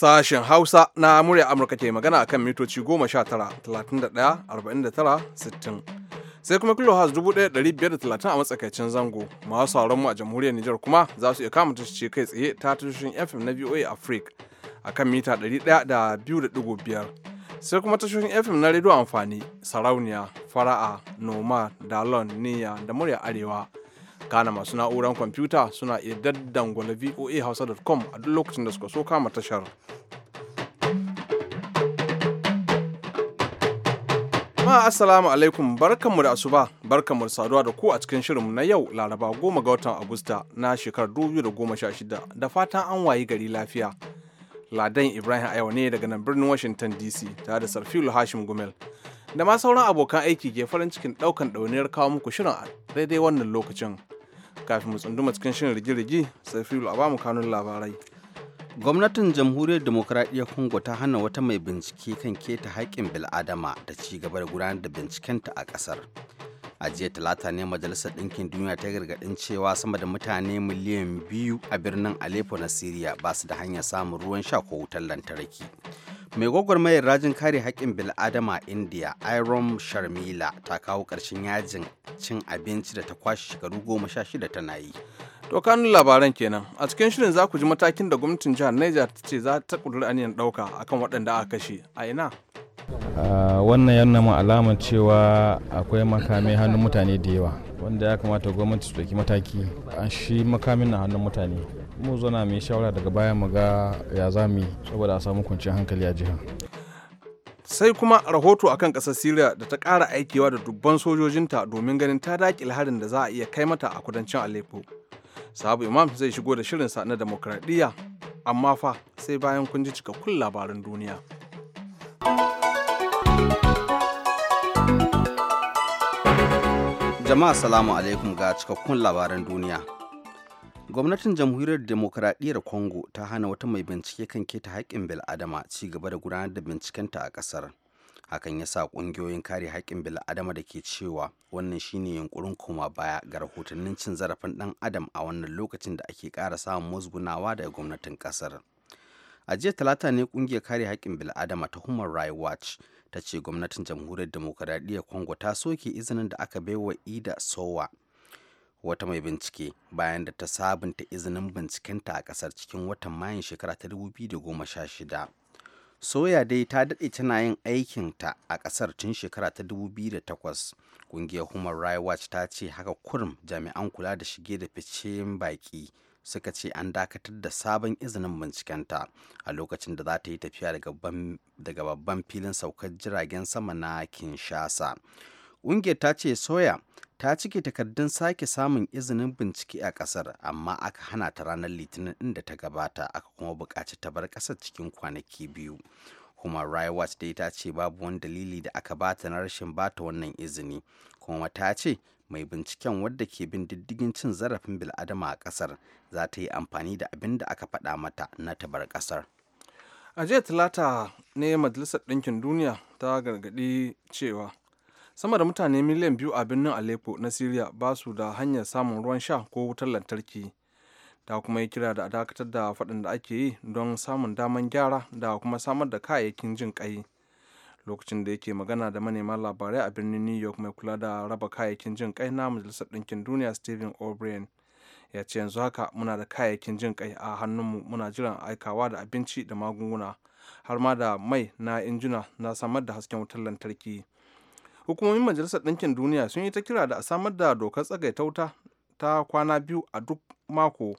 Sashen Hausa na murya Amurka ke magana a kan mitoci 19-31-49-60. Sai kuma kilohaz 1530 a matsakaicin zango masu sauranmu mu a jamhuriyar Nijar kuma za su iya kama ce kai tsaye ta tashoshin FM na VOA Africa a kan mita 102.5. Sai kuma tashoshin FM na rediyo amfani, sarauniya, fara'a, noma, dalon, niya da murya arewa. kana masu na'urar kwamfuta suna iya daddan daddangwala voa hausa.com a duk lokacin da suka so kama tashar jama'a assalamu alaikum barkanmu da asuba barkanmu da saduwa da ku a cikin shirinmu na yau laraba goma ga watan agusta na shekarar 2016 da fatan an wayi gari lafiya ladan ibrahim yau ne daga nan birnin washington dc tare da Sarfil hashim gumel da ma sauran abokan aiki ke farin cikin daukan ɗauniyar kawo muku shirin a daidai wannan lokacin kafin mu tsunduma cikin shirin rigirigi sai filu a bamu kanun labarai gwamnatin jamhuriyar demokuraɗiyyar Kongo ta hana wata mai bincike kan keta haƙƙin bil'adama da ci gaba da gudanar da bincikenta a ƙasar a jiya talata ne majalisar ɗinkin duniya ta gargaɗin cewa sama da mutane miliyan biyu a birnin aleppo na syria ba su da hanyar samun ruwan sha ko wutar lantarki mai gwagwarmayar rajin kare haƙƙin bil'adama a india iron sharmila ta kawo ƙarshen yajin cin abinci da ta kwashe shekaru goma sha shida tana yi to kanun labaran kenan a cikin shirin za ku ji matakin da gwamnatin jihar niger ta ce za ta an aniyan ɗauka akan waɗanda aka kashe a ina wannan yana mu alamar cewa akwai makamai hannun mutane da yawa wanda ya kamata gwamnati su ɗauki mataki an shi makamin na hannun mutane mu zana mai shawara daga baya mu ga ya za mu saboda a samu kwanciyar hankali a jiha. sai kuma rahoto akan kasar syria da ta ƙara aikewa da dubban sojojinta domin ganin ta daƙile harin da za a iya kai mata a kudancin aleppo sabu imam zai shigo da shirin sa na demokradiyya amma fa sai bayan kun ji cikakkun labaran duniya jama'a salamu alaikum ga cikakkun labaran duniya gwamnatin jamhuriyar demokuraɗiyyar congo ta hana wata mai bincike kan keta haƙƙin bil'adama ci gaba da gudanar da bincikenta a ƙasar hakan ya sa ƙungiyoyin kare haƙƙin bil'adama da ke cewa wannan shine yunkurin koma baya ga rahotannin cin zarafin ɗan adam a wannan lokacin da ake ƙara samun musgunawa daga gwamnatin ƙasar a jiya talata ne ƙungiyar kare haƙƙin bil'adama ta human rights watch ta ce gwamnatin jamhuriyar demokuraɗiyyar congo ta soke izinin da aka baiwa ida sowa wata mai bincike bayan da ta sabunta izinin bincikenta a kasar cikin watan mayun shekara ta 2016 soya dai ta daɗe tana yin aikinta a ƙasar tun shekara ta 2008 ƙungiyar human rights watch ta ce haka kurum jami'an kula da shige da fice baƙi suka ce an dakatar da sabon izinin bincikenta a lokacin da za ta yi tafiya daga babban filin saukar jiragen sama na kinshasa ƙungiyar ta ce soya ta cike takardun sake samun izinin bincike a ƙasar amma aka hana ta ranar litinin inda ta gabata aka kuma buƙaci ta bar ƙasar cikin kwanaki biyu kuma rayuwar dai ta ce babu wani dalili da aka bata na rashin bata wannan izini kuma ta ce mai binciken wadda ke bin diddigin cin zarafin bil'adama a kasar za ta yi amfani da abin da aka faɗa mata na tabar kasar a jiya talata ne majalisar ɗinkin duniya ta gargaɗi cewa sama da mutane miliyan biyu a birnin aleppo na syria ba su da hanyar samun ruwan sha ko wutar lantarki ta kuma yi kira da dakatar da faɗin da ake yi don samun daman gyara da kuma samar da kayayyakin jin ƙai lokacin da yake magana da manema labarai a birnin new york mai kula da raba kayayyakin jin ƙai na majalisar ɗinkin duniya stephen o'brien ya ce yanzu haka muna da kayayyakin jin ƙai a hannunmu muna jiran aikawa da abinci da magunguna har ma da mai na injina na samar da hasken wutar lantarki hukumomin majalisar ɗinkin duniya sun yi ta kira da a samar da dokar tsagaitauta ta kwana biyu a duk mako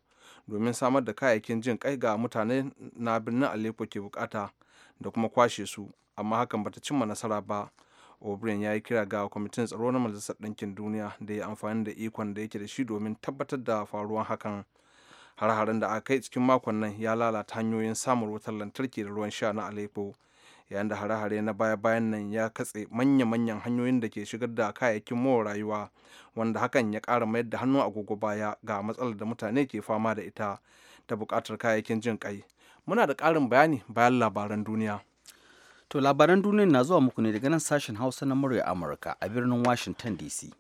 domin samar da kayayyakin jin kai ga mutane na birnin aleppo ke bukata da kuma kwashe su amma hakan bata cimma nasara ba o'brien ya yi kira ga kwamitin tsaro na majalisar ɗinkin duniya da ya amfani da ikon da yake da shi domin tabbatar da faruwan hakan har-haren da aka kai cikin makon nan ya lalata hanyoyin samun wutar lantarki da ruwan sha na aleppo yayin da hare-hare na baya-bayan nan ya katse manya-manyan hanyoyin da ke shigar da kayayyakin more rayuwa wanda hakan ya ƙara mayar da hannu agogo baya ga matsalar da mutane ke fama da ita da buƙatar kayayyakin jin ƙai muna da ƙarin bayani bayan labaran duniya to labaran duniya na zuwa muku ne daga nan sashen hausa na murya amurka a birnin washington dc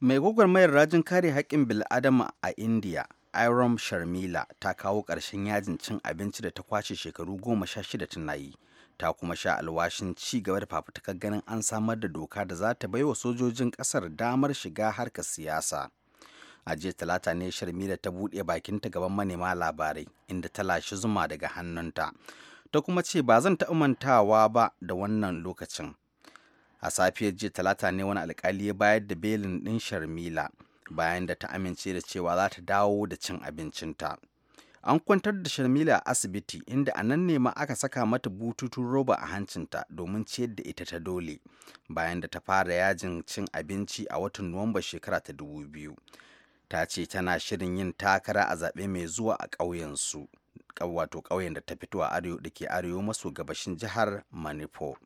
mai gwagwarmayar rajin kare haƙƙin bil'adama a indiya iram sharmila ta kawo ƙarshen yajin cin abinci da ta kwashe shekaru goma sha shida tana yi ta kuma sha alwashin ci gaba da fafutukar ganin an samar da doka da za ta baiwa sojojin ƙasar damar shiga harkar siyasa a jiya talata ne sharmila ta buɗe bakinta gaban manema labarai inda ta lashe zuma daga hannunta ta kuma ce ba zan ta mantawa ba da wannan lokacin a safiyar jiya talata ne wani alkali ya bayar da belin ɗin sharmila bayan da ta amince da cewa za ta dawo da cin abincinta an kwantar da sharmila a asibiti inda a nan nema aka saka mata bututun roba a hancinta domin ciyar da ita ta dole bayan da ta fara yajin cin abinci a watan nuwamba shekara ta 2000 ta ce tana shirin yin takara a zaɓe mai zuwa a ƙauyensu wato ƙauyen da ta fito a arewa da ke arewa maso gabashin jihar manipur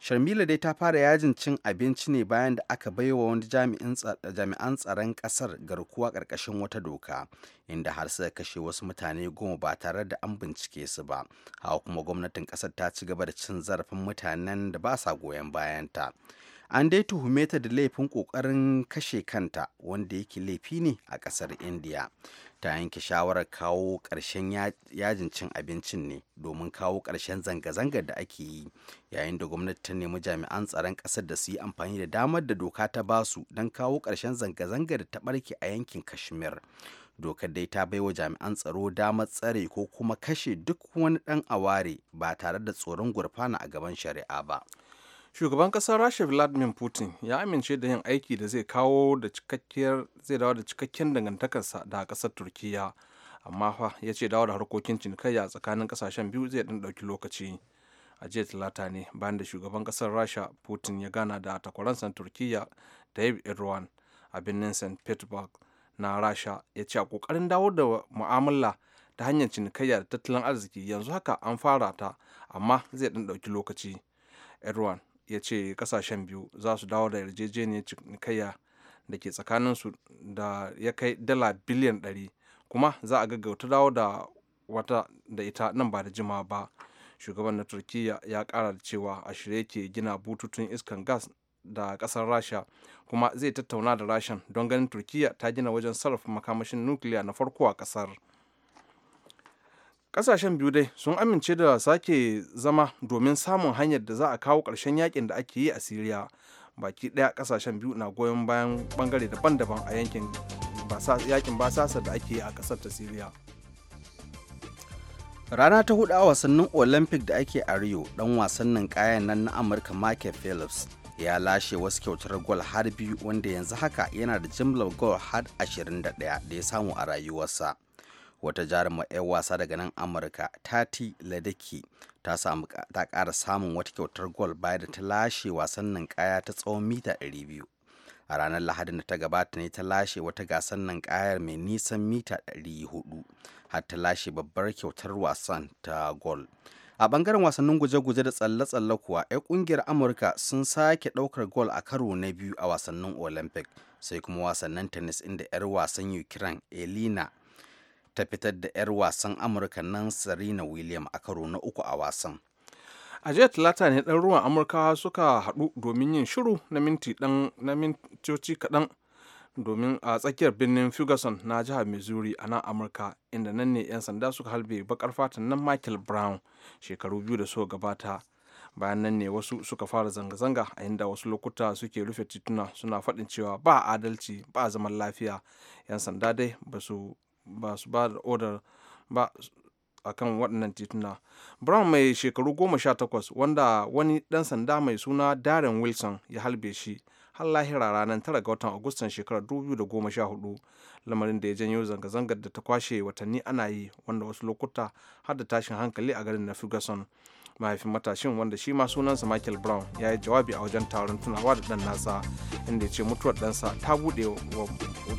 sharmila dai ta fara yajin cin abinci ne bayan da aka bai wa wani jami'an tsaron kasar garkuwa ƙarƙashin wata doka inda har suka kashe wasu mutane goma ba tare da an bincike su ba hawa kuma gwamnatin kasar ta ci gaba da cin zarafin mutanen da ba sa goyon bayanta an dai tuhume ta da laifin kokarin kashe kanta wanda yake laifi ne a kasar india ta yanke shawarar kawo ƙarshen yajin cin abincin ne domin kawo ƙarshen zanga-zangar da ake yi yayin da gwamnati ta nemi jami'an tsaron ƙasar da su yi amfani da damar da doka ta basu don kawo ƙarshen zanga-zangar da ta ɓarke a yankin kashmir dokar dai ta baiwa jami'an tsaro damar tsare ko kuma kashe duk wani ɗan aware ba tare da tsoron gurfana a gaban shari'a ba. shugaban kasar rasha vladimir putin ya amince da yin aiki da zai kawo da cikakkiyar zai dawo da cikakken dangantakarsa da kasar turkiya amma fa ya ce dawo da harkokin cinikayya tsakanin kasashen biyu zai dan ɗauki lokaci a jiya talata ne bayan da shugaban kasar rasha putin ya gana da takwaransa turkiya tayyip erdogan a birnin st petersburg na rasha ya ce a kokarin dawo da mu'amala ta hanyar cinikayya da tattalin arziki yanzu haka an fara ta amma zai dan ɗauki lokaci erdogan ya ce kasashen biyu za su dawo da yarjejeniyar cinikayya da ke su da ya kai dala biliyan 100 kuma za a gaggauta dawo da wata da ita nan ba da jima ba shugaban na turkiyya ya kara da cewa a shirye ke gina bututun iskan gas da kasar rasha kuma zai tattauna da rashan don ganin turkiyya ta gina wajen sarrafa makamashin nukiliya na farko a kasar. kasashen biyu dai sun amince da sake zama domin samun hanyar da za a kawo ƙarshen yakin da ake yi a siriya baki ɗaya kasashen biyu na goyon bayan bangare daban-daban a yankin yakin basasa da ake yi a ƙasar ta siriya rana ta hudu a wasannin olympic da ake a rio dan wasan nan kayan nan na amurka michael phillips ya lashe wasu kyautar gol har biyu wanda yanzu haka yana da jimlar gol har 21 da ya samu a rayuwarsa wata jarumar 'yan wasa daga nan amurka tati ladaki ta samu ta ƙara samun wata kyautar gol bayan da ta lashe wasan nan kaya ta tsawon mita 200 a ranar lahadin da ta gabata ne ta lashe wata gasar nan kayar mai nisan mita 400 har ta lashe babbar kyautar wasan ta gol a bangaren wasannin guje-guje da tsalle-tsalle kuwa 'yan kungiyar amurka sun sake daukar gol a karo na biyu a wasannin olympic sai kuma wasannin tennis inda 'yar wasan ukraine elina ta fitar da 'yar wasan amurka nan serena william a karo na uku a wasan a jiya talata ne dan ruwan amurka suka haɗu domin yin shiru na minti dan na mintoci kaɗan domin a tsakiyar birnin ferguson na jihar missouri a nan amurka inda nan ne 'yan sanda suka halbe bakar fatan nan michael brown shekaru biyu da suka gabata bayan nan ne wasu suka fara zanga-zanga a inda wasu lokuta suke rufe tituna suna faɗin cewa ba adalci ba zaman lafiya 'yan sanda dai ba su ba su ba da odar ba a kan waɗannan tituna brown mai shekaru goma sha takwas wanda wani ɗan sanda mai suna darren wilson ya halbe shi har lahira ranar tara ga watan agustan shekarar hudu lamarin da ya janyo zanga-zangar da ta kwashe watanni ana yi wanda wasu lokuta har da tashin hankali a garin na ferguson mahaifin matashin wanda shi ma sunansa michael brown ya yi jawabi a wajen taron tunawa da dan nasa inda ya ce mutuwar ɗansa ta buɗe wa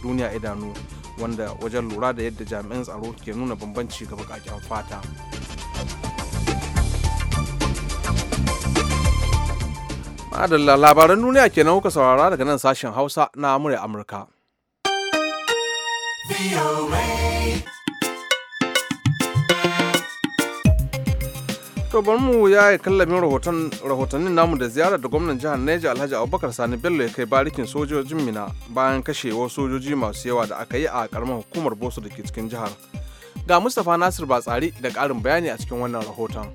duniya idanu wanda wajen lura da yadda jami'an tsaro ke nuna bambanci ga baƙaƙen fata adalla labaran duniya kenan kuka saurara daga nan sashen hausa na amurka to bari mu ya yi kallabin rahotannin namu da ziyarar da gwamnan jihar Neja Alhaji Abubakar Sani Bello ya kai barikin sojojin Mina bayan kashe sojoji masu yawa da aka yi a karamar hukumar Bosu da ke cikin jihar. Ga Mustapha Nasir Batsari da ƙarin bayani a cikin wannan rahoton.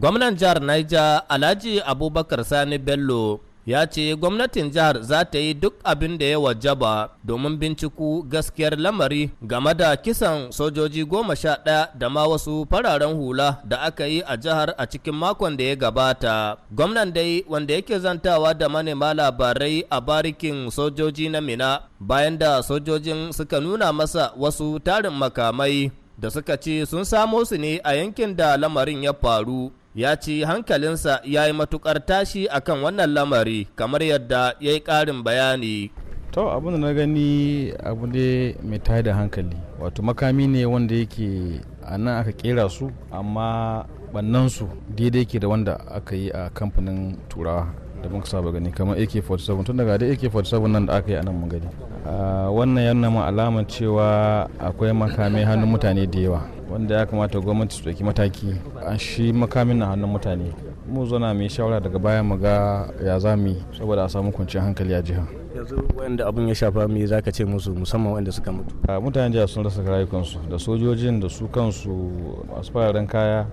Gwamnan jihar Niger Alhaji Abubakar Sani Bello ya ce gwamnatin jihar za ta yi duk abin da ya wajaba domin binciku gaskiyar lamari game da kisan sojoji goma sha ɗaya da ma wasu fararen hula da aka yi a jihar a cikin makon da ya gabata. Gwamnan dai wanda yake zantawa da manema labarai a barikin sojoji na Mina bayan da sojojin suka nuna masa wasu tarin makamai da suka ce sun samo su ne a yankin da lamarin ya faru. ya ci hankalinsa ya yi matukar tashi akan wannan lamari kamar yadda ya yi karin bayani to abin da na gani abu ne mai da hankali wato makami ne wanda yake a nan aka kera su amma bannan su daidai ke da wanda aka yi a kamfanin turawa da muka saba gani kamar ak-47 tun daga da ak-47 nan da aka yi a nan mun gani ah, wannan yana ma alamar cewa akwai makamai hannun mutane da yawa wanda ya kamata gwamnati su ɗauki mataki an shi makamin na hannun mutane mu zana mai shawara daga baya mu ga ya za mu saboda a samu kwanciyar hankali a jiha yanzu wanda abun ya shafa me za ka ce musu musamman wanda suka mutu mutanen jiha sun rasa rayukansu da sojojin da su kansu masu fararen kaya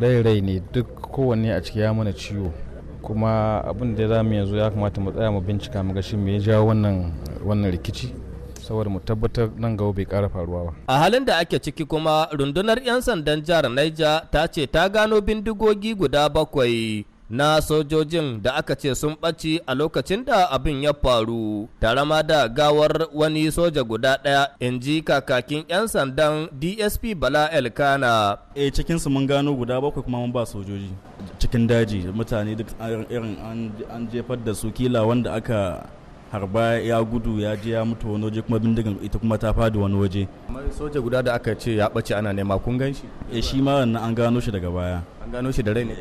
rai rai ne duk kowanne a ciki ya mana ciwo kuma abin da za mu yanzu ya kamata mu tsaya mu bincika mu ga shi me ya jawo wannan rikici saboda mu tabbatar nan gaba bai kara faruwa ba a halin da ake ciki kuma rundunar 'yan sandan jihar Niger ta ce ta gano bindigogi guda bakwai na sojojin da aka ce sun ɓaci a lokacin da abin ya faru tare ma da gawar wani soja guda ɗaya in ji kakakin 'yan sandan dsp bala elkana e eh, cikinsu mun gano guda bakwai kuma mun ba sojoji cikin daji mutane duk irin an jefar da su kila wanda aka harba ya gudu ya je ya mutu wani waje kuma bindigan ita kuma ta fadi wani waje kamar soja guda da aka ce ya bace ana nema kun gan shi eh shi ma an gano shi daga baya an gano shi da rai ne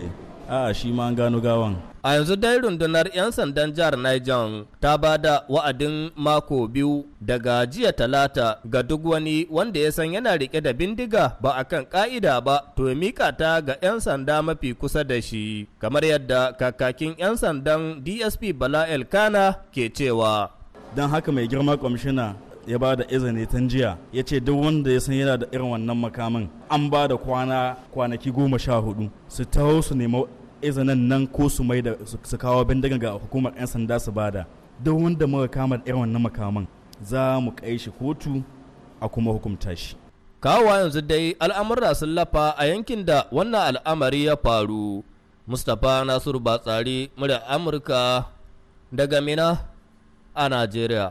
a shi ma an gano gawan a yanzu dai rundunar 'yan sandan jihar Niger ta ba da wa'adin mako biyu daga jiya talata ga duk wani wanda ya san yana rike da bindiga ba a kan ka'ida ba to ya mika ta ga 'yan sanda mafi kusa da shi kamar yadda kakakin 'yan sandan dsp bala elkana ke cewa don haka mai girma kwamishina ya ba da izini tun jiya ya ce duk wanda ya san yana da irin wannan makamin an ba da kwana kwanaki goma sha hudu su taho su nemi izinin nan ko su mai da su kawo bindiga ga hukumar 'yan sanda su bada duk wanda muka kama da irin wannan makaman za mu kai shi kotu a kuma hukumta shi kawo yanzu dai al'amurra sun lafa a yankin da wannan al'amari ya faru mustapha nasiru batsari murya amurka daga mina a najeriya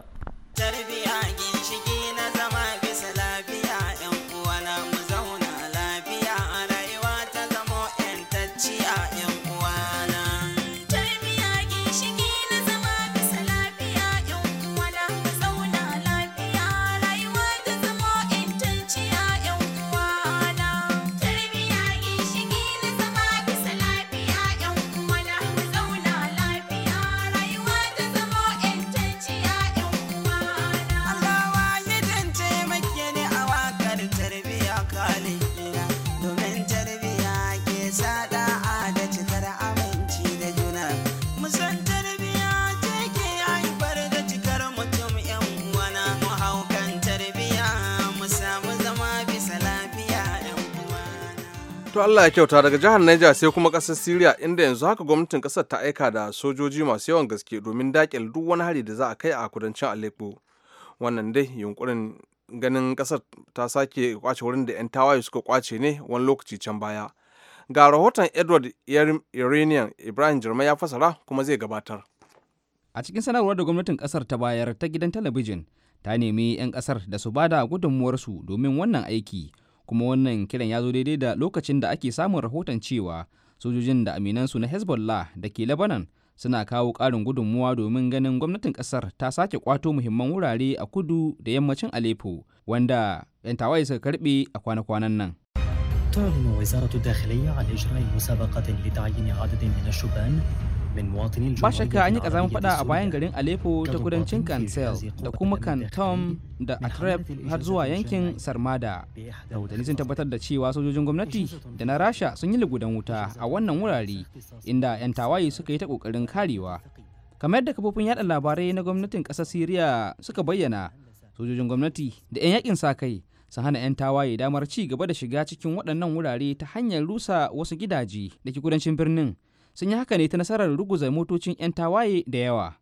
To Allah ya kyauta daga jihar Niger sai kuma kasar Syria inda yanzu haka gwamnatin ƙasar ta aika da sojoji masu yawan gaske domin dakil duk wani hari da za a kai a kudancin Aleppo. Wannan dai yunkurin ganin kasar ta sake kwace wurin da 'yan tawaye suka kwace ne wani lokaci can baya. Ga rahoton Edward Iranian Ibrahim Jirma ya fasara kuma zai gabatar. A cikin sanarwar da gwamnatin ƙasar ta bayar ta gidan talabijin ta nemi 'yan kasar da su bada gudunmuwarsu domin wannan aiki kuma wannan kiran ya zo daidai da lokacin da ake samun rahoton cewa sojojin da aminansu na hezbollah da ke lebanon suna kawo ƙarin gudunmuwa domin ganin gwamnatin ƙasar ta sake kwato muhimman wurare a kudu da yammacin aleppo wanda 'yan tawaye suka karbe a kwana-kwanan nan تعلن وزارة الداخلية عن إجراء مسابقة لتعيين عدد من الشبان Ba ka an yi kazamin faɗa a bayan garin Aleppo ta kudancin Kansel da kuma Kantom da Atrep har zuwa yankin Sarmada. Rahotanni sun tabbatar da cewa sojojin gwamnati da na Rasha sun yi lugudan wuta a wannan wurare inda 'yan tawaye suka yi ta kokarin karewa. Kamar yadda kafofin yaɗa labarai na gwamnatin ƙasar Siriya suka bayyana, sojojin gwamnati da 'yan yakin sa kai sun hana 'yan tawaye damar ci gaba da shiga cikin waɗannan wurare ta hanyar rusa wasu gidaje da ke kudancin birnin sun yi haka ne ta nasarar ruguza motocin 'yan tawaye da yawa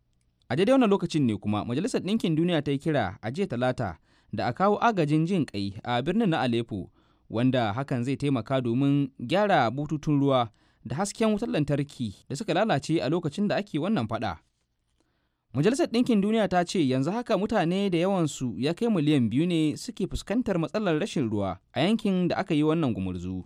a daidai wannan lokacin ne kuma majalisar ɗinkin duniya ta yi kira a jiya talata da a kawo agajin jin kai a birnin na alepo wanda hakan zai taimaka domin gyara bututun ruwa da hasken wutar lantarki da suka lalace a lokacin da ake wannan faɗa. Majalisar Ɗinkin Duniya ta ce yanzu haka mutane da yawansu ya kai miliyan biyu ne suke fuskantar matsalar rashin ruwa a yankin da aka yi wannan gumurzu.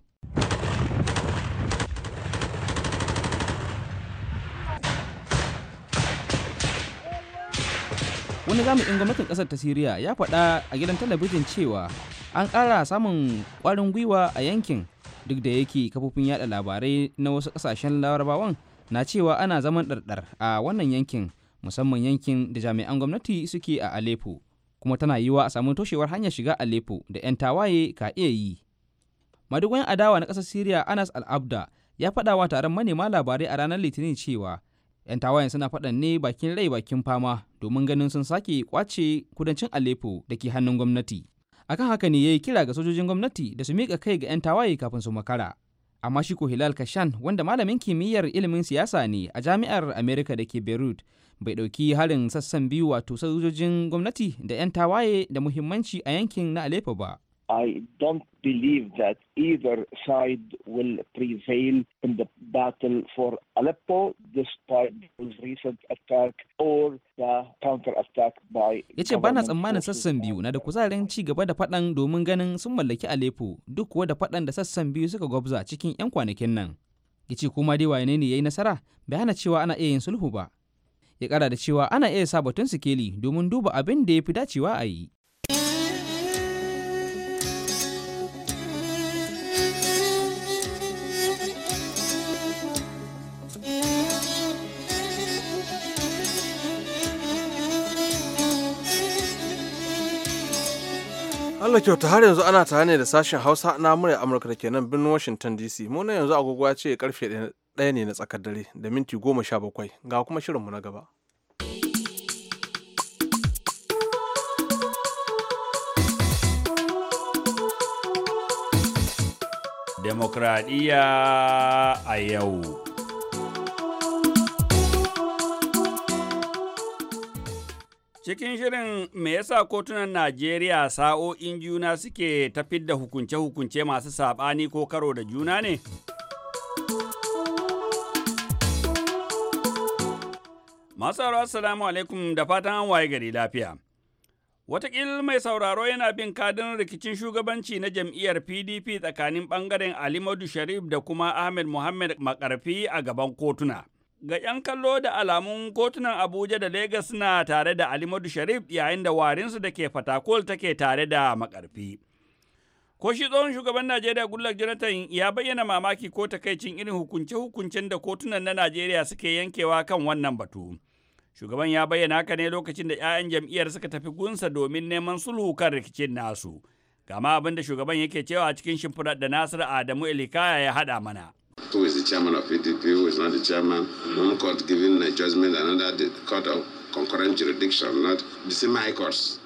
wani jami'in gwamnatin kasar ta siriya ya faɗa a gidan talabijin cewa an ƙara samun ƙwarin gwiwa a yankin duk da yake kafofin yada labarai na wasu ƙasashen larabawan na cewa ana zaman ɗarɗar a wannan yankin musamman yankin da jami'an gwamnati suke a aleppo kuma tana yiwa a samu toshewar hanyar shiga alepo da 'yan tawaye ka iya yi madugun adawa na ƙasar siriya anas al'abda ya faɗa wa taron manema labarai a ranar litinin cewa 'yan tawayen suna faɗan ne bakin rai bakin fama domin ganin sun sake kwace kudancin aleppo da ke hannun gwamnati akan haka ne ya yi kira ga sojojin gwamnati da su miƙa kai ga 'yan tawaye kafin su makara amma shi ko hilal kashan wanda malamin kimiyyar ilimin siyasa ne a jami'ar america da ke beirut bai ɗauki harin sassan biyu wato sojojin gwamnati da 'yan tawaye da muhimmanci a yankin na aleppo ba I don't believe that either side will prevail in the battle for Aleppo despite those recent attack or the counter-attack by Ya ce bana tsammanin sassan biyu na da kuzarin ci gaba da faɗan domin ganin sun mallaki Aleppo duk kuwa da faɗan da sassan biyu suka gwabza cikin 'yan kwanakin nan. Ya ce kuma dai wane ne ya yi nasara bai hana cewa ana iya yin sulhu ba. Ya ƙara da cewa ana iya sa batun sikeli domin duba abin da ya fi dacewa a yi. Allah kyauta har yanzu ana tare ne da sashen Hausa na murya Amurka da ke nan birnin Washington DC. Mu na yanzu agogo ya ce karfe ɗaya ne na tsakar dare da minti goma sha bakwai ga kuma shirinmu na gaba. Demokradiyya a yau. Cikin shirin me yasa kotunan Najeriya sa'o'in juna suke tafid da hukunce-hukunce masu saɓani ko karo da juna ne? Masu sauraro assalamu alaikum da fatan an waye gari lafiya. Wataƙil mai sauraro yana bin kadin rikicin shugabanci na jam'iyyar PDP tsakanin ɓangaren Ali Madu Sharif da kuma Ahmed Muhammad Makarfi a gaban kotuna. ga 'yan kallo da alamun kotunan Abuja da Legas suna tare da Alimadu Sharif yayin da warinsu da ke Fatakol take tare da makarfi. Ko shi tsohon shugaban Najeriya Goodluck Jonathan ya bayyana mamaki ko takaicin irin hukunce-hukuncen da kotunan na Najeriya suke yankewa kan wannan batu. Shugaban ya bayyana haka ne lokacin da 'ya'yan jam'iyyar suka tafi gunsa domin neman sulhu kan rikicin nasu. Gama abin da shugaban yake cewa cikin shimfiɗar da Nasiru Adamu Elikaya ya haɗa mana. who is the chairman of PDP, e who is not the chairman, one court giving a judgment, another the court of concurrent jurisdiction, not the same high courts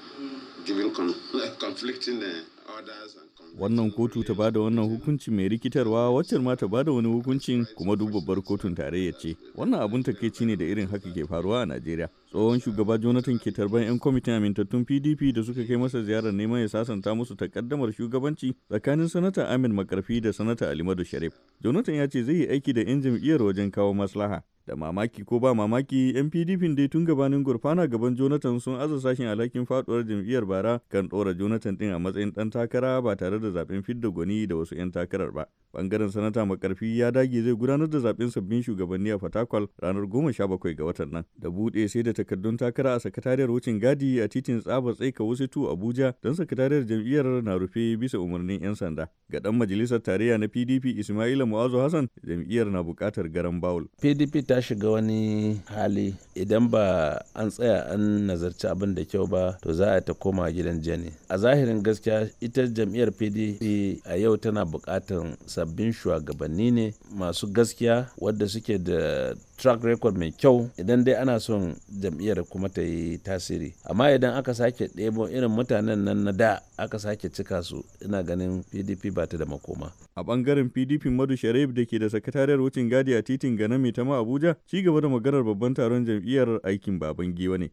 giving con- conflicting uh, orders. wannan kotu ta bada wannan hukunci mai rikitarwa waccan ma ta bada wani hukuncin kuma duk babbar kotun tarayya ce wannan abun takeici ne da irin haka ke faruwa a najeriya tsohon shugaba jonathan ke tarban 'yan kwamitin amintattun pdp da suka kai masa ziyarar neman ya sasanta musu takaddamar shugabanci tsakanin sanata amin makarfi da sanata alimadu sharif jonathan ya ce zai yi aiki da 'yan jam'iyyar wajen kawo maslaha da mamaki ko ba mamaki yan pdp dai tun gabanin gurfana gaban jonathan sun aza sashen alhakin faduwar jam'iyyar bara kan ɗora jonathan din a matsayin ɗan takara ba tare da zaben fidda gwani da wasu yan takarar ba ɓangaren sanata makarfi ya dage zai gudanar da zaben sabbin shugabanni a fatakwal ranar 17 ga watan nan da buɗe sai da takardun takara a sakatariyar wucin gadi a titin tsaba tsaika wasu abuja don sakatariyar jam'iyyar na rufe bisa umarnin yan sanda ga dan majalisar tarayya na pdp ismaila mu'azu hassan jam'iyyar na buƙatar garan bawul pdp ta ta shiga wani hali idan ba an tsaya an nazarci abin da kyau ba to za a ta koma gidan jani a zahirin gaskiya ita jam'iyyar pdp a yau tana bukatan sabbin shugabanni ne masu gaskiya wadda suke da track record mai kyau idan dai ana son jam'iyyar kuma ta yi tasiri amma idan aka sake ɗebo irin mutanen nan na da aka sake cika su ina ganin pdp ba ta da makoma a bangaren pdp madu sharif da ke da sakatariyar wucin gadi a titin ganami ta ma abuja Abuja ci gaba da maganar babban taron jam'iyyar aikin baban giwa ne.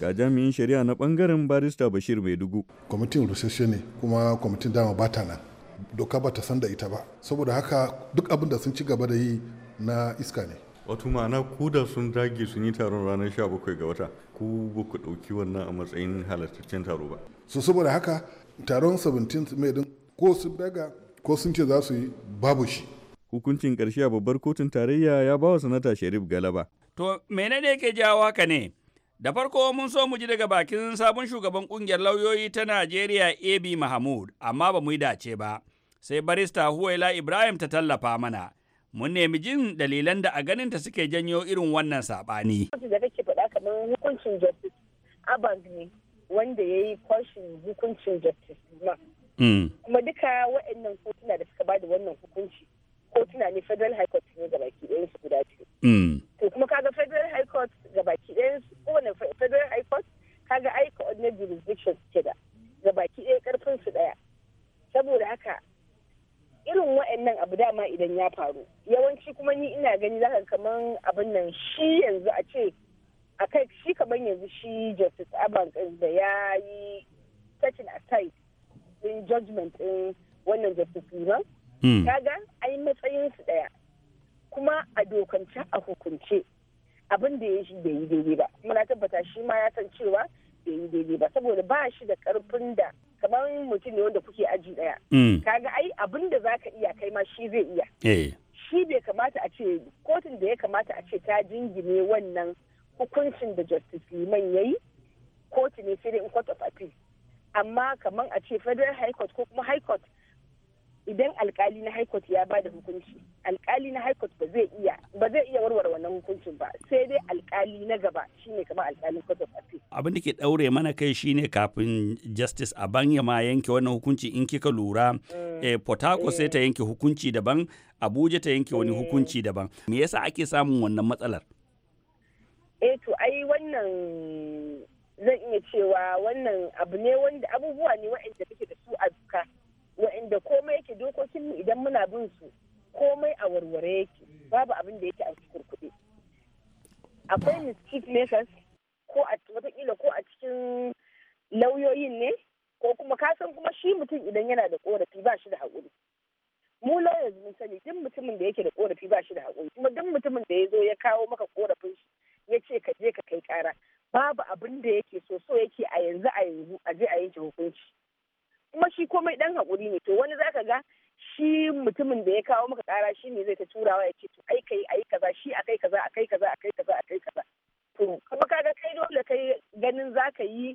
ga jami'in shari'a na bangaren barista bashir mai dugu kwamitin rusasshe ne kuma kwamitin dama ba ta nan doka ba ta san da ita ba saboda haka duk abin da sun ci gaba da yi na iska ne wato ma'ana ko da sun dage sun yi taron ranar 17 ga wata ko ba ku ɗauki wannan a matsayin halartaccen taro ba su saboda haka taron 17 mai din ko sun daga ko sun ce za su yi babu shi hukuncin ƙarshe a babbar kotun tarayya ya ba wa sanata sharif galaba to menene yake jawo haka ne da farko mun so mu ji daga bakin sabon shugaban kungiyar lauyoyi ta najeriya ab mahmud amma ba mu yi dace ba sai barista huwaila ibrahim ta tallafa mana Mun nemi jin dalilan da a ganinta suke janyo irin wannan saɓani. da kake faɗa kamar hukuncin justice abang ne wanda ya yi kwashin hukuncin justice ma. Mm. Kuma duka waɗannan kotuna da suka ba da wannan hukunci kotuna ne federal high court ne ga baki su guda biyu. Mm. To kuma kaga federal high court ga baki abin nan shi yanzu a ce a kai shi kamar yanzu shi justice abang da ya yi touching aside din judgment din wannan justice liban hmm. kaga ai matsayin su daya kuma a dokance a hukunce abin da ya shi da yi daidai ba kuma na tabbata shi ma ya san cewa da yi daidai ba saboda ba shi da karfin da kamar mutum ne wanda kuke aji daya hmm. kaga ai abin da za ka iya kai ma shi zai iya eh. shi bai kamata a ce kotun da ya kamata a ce ta jingine wannan hukuncin da justice liman ya yi kotu ne sai dai in court of appeal amma kamar a ce federal high court ko kuma high court idan alkali na high ya ba da hukunci alkali na high court ba zai iya ba zai iya warware wannan hukuncin ba sai dai alkali na gaba shine kamar alkalin court of appeal abin da ke daure mana kai shine kafin justice abanya ma yanke wannan hukunci in kika lura mm. eh, port sai ta eh. yanke hukunci daban abuja ta yanke wani eh. hukunci daban me yasa ake samun wannan matsalar eh to ai wannan zan iya cewa wannan abu ne wanda abubuwa ne waɗanda kake da su a duka wa'inda komai yake dokokin mu idan muna bin su komai a warware yake babu abin da yake a cikin kuɗi akwai mischief makers ko a watakila ko a cikin lauyoyin ne ko kuma kasan kuma shi mutum idan yana da korafi ba shi da haƙuri mu lawyers mun sani duk mutumin da yake da korafi ba shi da haƙuri kuma duk mutumin da ya zo ya kawo maka korafin shi ya ce ka je ka kai kara babu abin da yake so so yake a yanzu a yanzu a je a yanke hukunci kuma shi komai dan hakuri ne to wani zaka ga shi mutumin da ya kawo maka kara shi ne zai ta turawa ya ce to ai kai ai kaza shi akai kaza akai kaza akai kaza akai kaza to kuma kaga kai dole kai ganin zaka yi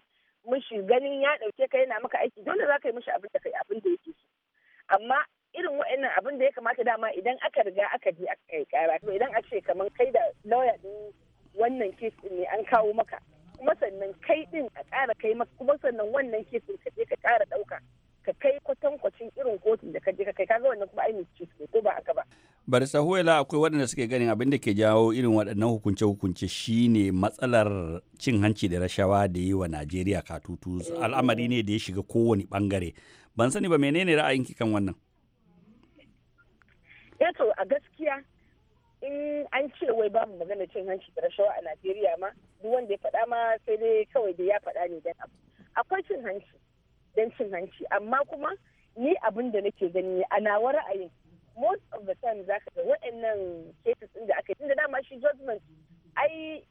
mishi ganin ya dauke kai yana maka aiki dole zaka yi mishi abin da kai abin da yake so amma irin wa'annan abin da ya kamata dama idan aka riga aka je aka kai kara to idan aka ce kaman kai da lawyer din wannan kes ne an kawo maka kuma sannan kai din a kara kai maka kuma sannan wannan kesin ka je ka kara ɗauka ka kai kwatankwacin irin kotun da ka je ka kai kaga wannan kuma ainihin ci ne ko ba haka ba. Bari sahuwela akwai waɗanda suke ganin abin da ke jawo irin waɗannan hukunce-hukunce shine matsalar cin hanci da rashawa da yi wa Najeriya katutu al'amari ne da ya shiga kowane bangare Ban sani ba menene ra'ayinki kan wannan? Eto eh a gaskiya in an ce wai ba mu magana cin hanci da rashawa a Najeriya ma duk wanda ya faɗa ma sai dai kawai da ya faɗa ne dan abu akwai cin hanci dan cin hanci amma kuma ni abin da nake gani a nawa ra'ayin most of the time za ka ga waɗannan cases ɗin da aka yi da dama shi judgment ai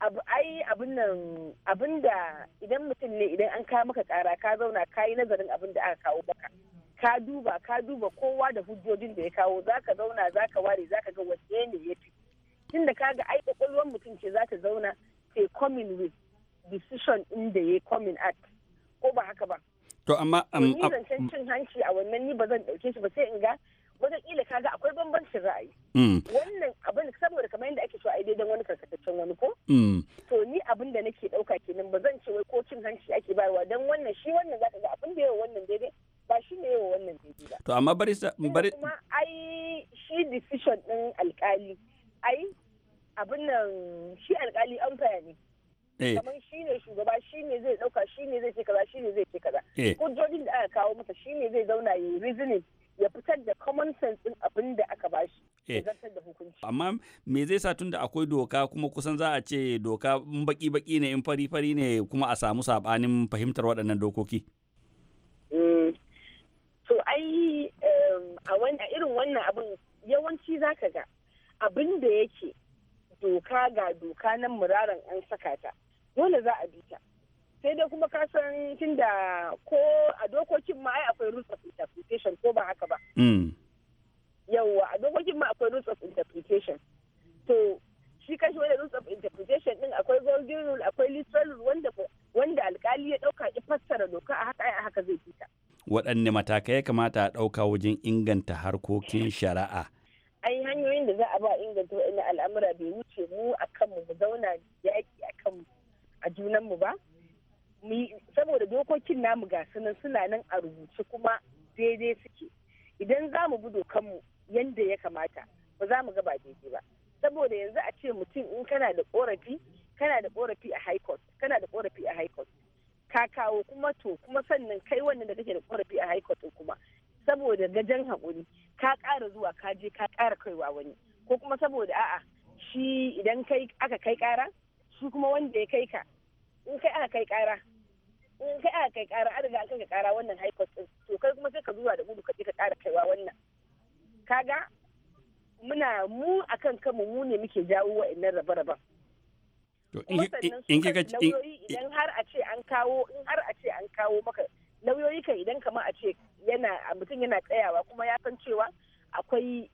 abu ai abin nan abin da idan mutum ne idan an kawo maka kara ka zauna ka yi nazarin abin da aka kawo baka ka duba ka duba kowa da hujjojin da ya kawo za ka zauna za ka ware za ka ga wace ne ya fi ka kaga ai kwakwalwar mutum ce za ta zauna ta coming with decision in da ya coming at ko ba haka ba to amma um, ni zancen cin hanci a wannan ni ba zan dauke shi ba sai in ga wataƙila kaga akwai bambancin ra'ayi. Mm. Wannan abin saboda kamar yadda ake so a daidan wani karkataccen wani ko? Mm. To ni abin da nake ɗauka kenan ba zan ce wai ko cin hanci ake bayarwa don wannan shi wannan zaka ga abin da yawa wannan daidai ba shi ne yawa wannan daidai ba. To amma bari bari kuma ai shi decision din alkali ai abin nan shi alkali an faya ne. Eh. Kamar shi ne shugaba shi ne zai dauka shi ne zai ce kaza shi ne zai ce kaza. Eh. Hujjojin da aka kawo masa shi ne zai zauna yi reasoning ya fitar da common sense din abin da aka bashi. Eh. Amma me zai sa tun da akwai doka kuma kusan za a ce doka baki-baki ne in fari-fari ne kuma a samu sabanin fahimtar waɗannan dokoki? to ai a irin wannan abin yawanci zaka ga abin da yake doka ga doka nan muraran an saka ta dole za a bi sai dai kuma kasan tunda ko a dokokin ma ai akwai rules of interpretation ko ba haka ba mm. yawwa a dokokin ma akwai rules of interpretation to shi kashi wanda rules of interpretation din akwai golden rule akwai literal rule wanda wanda alkali ya dauka ya fassara doka a haka a haka zai fita waɗanne matakai ya kamata a ɗauka wajen inganta harkokin shari'a ai hanyoyin da za a ba inganta wani al'amura bai wuce mu a kanmu mu zauna yaƙi a kanmu a junanmu ba saboda dokokin namu ga sunan suna nan a rubuce kuma daidai suke idan za mu bi dokanmu yadda ya kamata ba za mu ga ba daidai ba saboda yanzu a ce mutum in kana da korafi kana da korafi a high court kana da korafi a high court ka kawo kuma to kuma sannan kai wannan da kake da korafi a high court kuma saboda gajen hakuri ka ƙara zuwa ka je ka ƙara kaiwa wani ko kuma saboda a'a shi idan kai aka kai ƙara shi kuma wanda ya kai ka in kai aka kai ƙara in kai aka kai ƙara an riga an kai ƙara wannan high court din to kai kuma sai ka zuwa da gudu ka je ka ƙara kaiwa wannan kaga muna mu akan kanmu mu ne muke jawo wa'annan rabe-raben in lauyoyi idan har a ce an kawo in har a ce an kawo maka lauyoyi kan idan kama a ce yana mutum yana tsayawa kuma ya san cewa akwai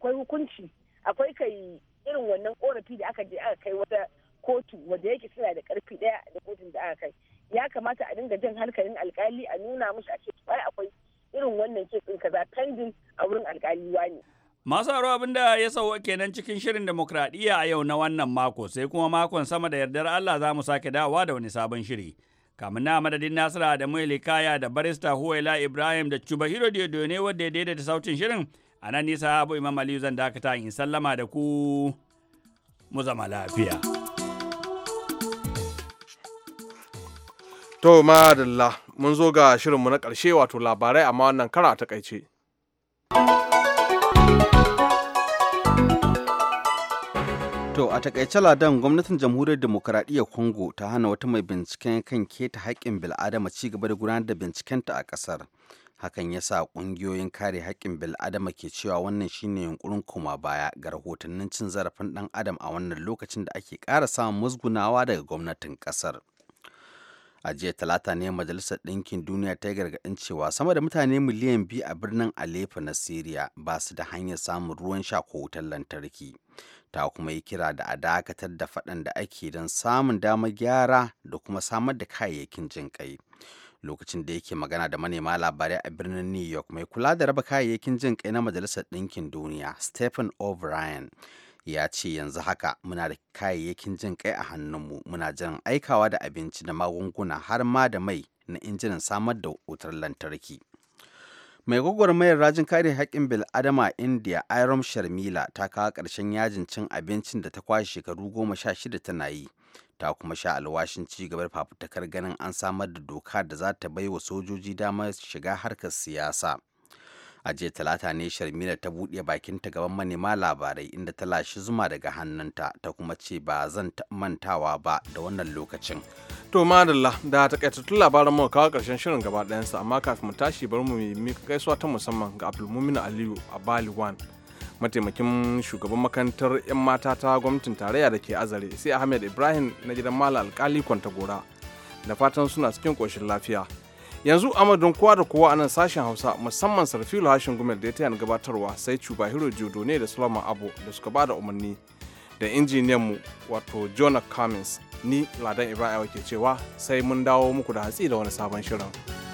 hukunci akwai kai irin wannan korafi da aka je aka kai wata kotu wanda yake suna da karfi daya da kotun da aka kai ya kamata a dinga jan hankalin alkali a nuna mushi a ce akwai irin wannan ke tsinka za pending a wurin alkali wani. ne Masu haro abin da ya sauwa kenan cikin shirin demokradiyya a yau na wannan mako sai kuma makon sama da yardar Allah za mu sake dawowa da wani sabon shiri. Kamin na madadin Nasira da Kaya da Barista Huwaila Ibrahim da Cuba Hiro ne wadda ya daidaita sautin shirin a nan nisa Abu Imam Aliyu zan dakata in sallama da ku mu zama lafiya. To madalla mun zo ga shirinmu na karshe wato labarai amma wannan kara a takaice. To a takaice ladan gwamnatin jamhuriyar demokuraɗiyyar Congo ta hana wata mai binciken kan keta haƙƙin bil'adama ci gaba da gudanar da bincikenta a ƙasar. Hakan ya sa ƙungiyoyin kare haƙƙin bil'adama ke cewa wannan shine yunkurin koma baya ga rahotannin cin zarafin ɗan adam a wannan lokacin da ake ƙara samun musgunawa daga gwamnatin ƙasar. a jiya talata ne majalisar ɗinkin duniya ta yi gargaɗin cewa sama da mutane miliyan biyu a birnin alepo na syria ba su da hanyar samun ruwan sha ko wutar lantarki ta kuma yi kira da a dakatar da faɗan da ake don samun damar gyara da kuma samar da kayayyakin jin kai lokacin da yake magana da manema labarai a birnin new york mai kula da raba kayayyakin jin kai na majalisar ɗinkin duniya stephen o'brien ya ce yanzu haka muna da kayayyakin jin kai a hannunmu muna jiran aikawa da abinci da magunguna har ma da mai na injinan samar da wutar lantarki mai gwagwarmayar rajin kare haƙƙin bil'adama a india iron sharmila ta kawo ƙarshen yajin cin abincin da ta kwashe shekaru goma sha shida tana yi ta kuma sha alwashin ci gaba da ganin an samar da doka da za ta bai wa sojoji damar shiga harkar siyasa a jiya talata ne sharmila ta buɗe bakinta gaban manema labarai inda ta lashe zuma daga hannunta ta kuma ce ba zan mantawa ba da wannan lokacin to madalla da takaitattun labaran mu kawo karshen shirin gaba ɗayansa amma kafin mu tashi bar mu mika gaisuwa ta musamman ga abdulmumin aliyu a bali baliwan mataimakin shugaban makarantar 'yan mata ta gwamnatin tarayya da ke azare sai ahmed ibrahim na gidan mala alkali kwanta gora da fatan suna cikin koshin lafiya yanzu amadon kowa da kowa a nan sashen hausa musamman sarfilu hashin gumel da ya taya gabatarwa sai cubahiro jodo ne da sulaiman abu da suka ba da umarni da injiniyan mu wato jonah cummins ni ladan ibrahim ke cewa sai mun dawo muku da hatsi da wani sabon shirin.